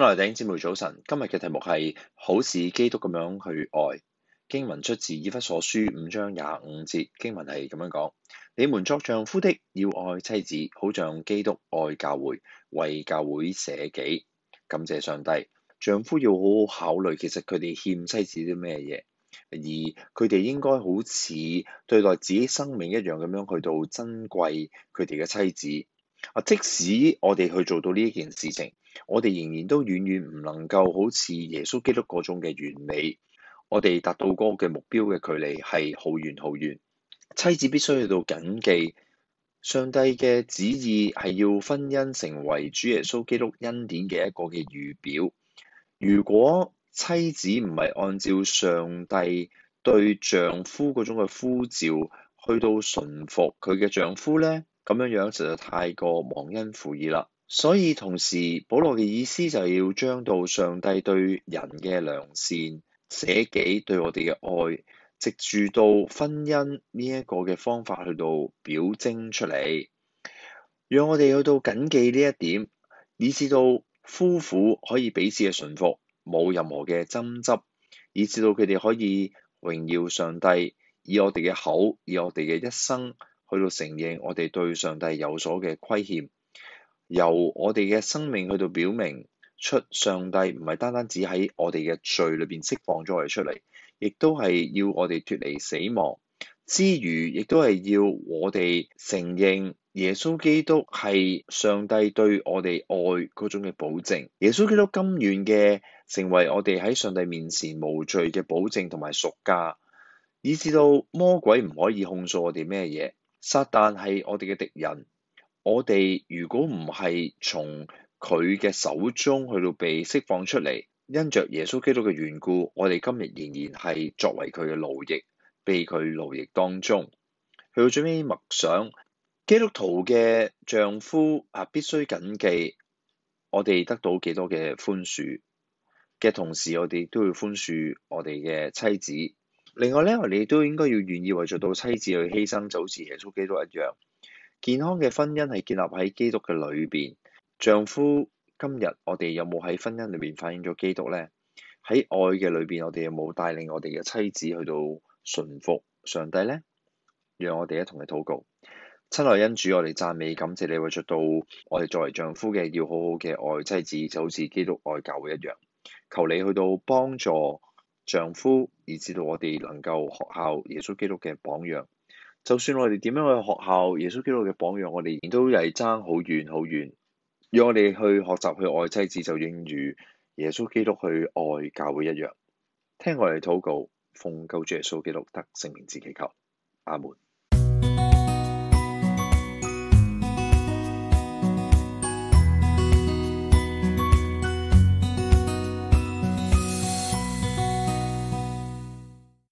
各位弟兄姊妹早晨，今日嘅題目係好似基督咁樣去愛。經文出自以弗所書五章廿五節，經文係咁樣講：你們作丈夫的要愛妻子，好像基督愛教會，為教會捨己。感謝上帝，丈夫要好好考慮，其實佢哋欠妻子啲咩嘢？而佢哋應該好似對待自己生命一樣咁樣去到珍貴佢哋嘅妻子。啊！即使我哋去做到呢一件事情，我哋仍然都遠遠唔能夠好似耶穌基督嗰種嘅完美，我哋達到嗰個嘅目標嘅距離係好遠好遠，妻子必須去到謹記上帝嘅旨意係要婚姻成為主耶穌基督恩典嘅一個嘅預表。如果妻子唔係按照上帝對丈夫嗰種嘅呼召，去到順服佢嘅丈夫咧？咁樣樣實在太過忘恩負義啦，所以同時保羅嘅意思就要將到上帝對人嘅良善、捨己對我哋嘅愛，藉住到婚姻呢一個嘅方法去到表徵出嚟，讓我哋去到謹記呢一點，以至到夫婦可以彼此嘅順服，冇任何嘅爭執，以至到佢哋可以榮耀上帝，以我哋嘅口，以我哋嘅一生。去到承認我哋對上帝有所嘅虧欠，由我哋嘅生命去到表明出上帝唔係單單只喺我哋嘅罪裏邊釋放咗我哋出嚟，亦都係要我哋脫離死亡之餘，亦都係要我哋承認耶穌基督係上帝對我哋愛嗰種嘅保證。耶穌基督甘願嘅成為我哋喺上帝面前無罪嘅保證同埋贖價，以至到魔鬼唔可以控訴我哋咩嘢。撒旦係我哋嘅敵人，我哋如果唔係從佢嘅手中去到被釋放出嚟，因着耶穌基督嘅緣故，我哋今日仍然係作為佢嘅奴役，被佢奴役當中，去到最尾默想，基督徒嘅丈夫啊，必須謹記，我哋得到幾多嘅寬恕嘅同時，我哋都要寬恕我哋嘅妻子。另外咧，我哋都應該要願意為著到妻子去犧牲，就好似耶穌基督一樣。健康嘅婚姻係建立喺基督嘅裏邊。丈夫，今日我哋有冇喺婚姻裏邊反映咗基督咧？喺愛嘅裏邊，我哋有冇帶領我哋嘅妻子去到順服上帝咧？讓我哋一同嚟禱告。親愛恩主，我哋讚美感謝你，為著到我哋作為丈夫嘅，要好好嘅愛妻子，就好似基督愛教會一樣。求你去到幫助。丈夫，以至到我哋能夠學效耶穌基督嘅榜樣。就算我哋點樣去學效耶穌基督嘅榜樣，我哋亦都係爭好遠好遠。要我哋去學習去愛妻子，就應如耶穌基督去愛教會一樣。聽我哋禱告，奉救主耶穌基督得聖名字祈求，阿門。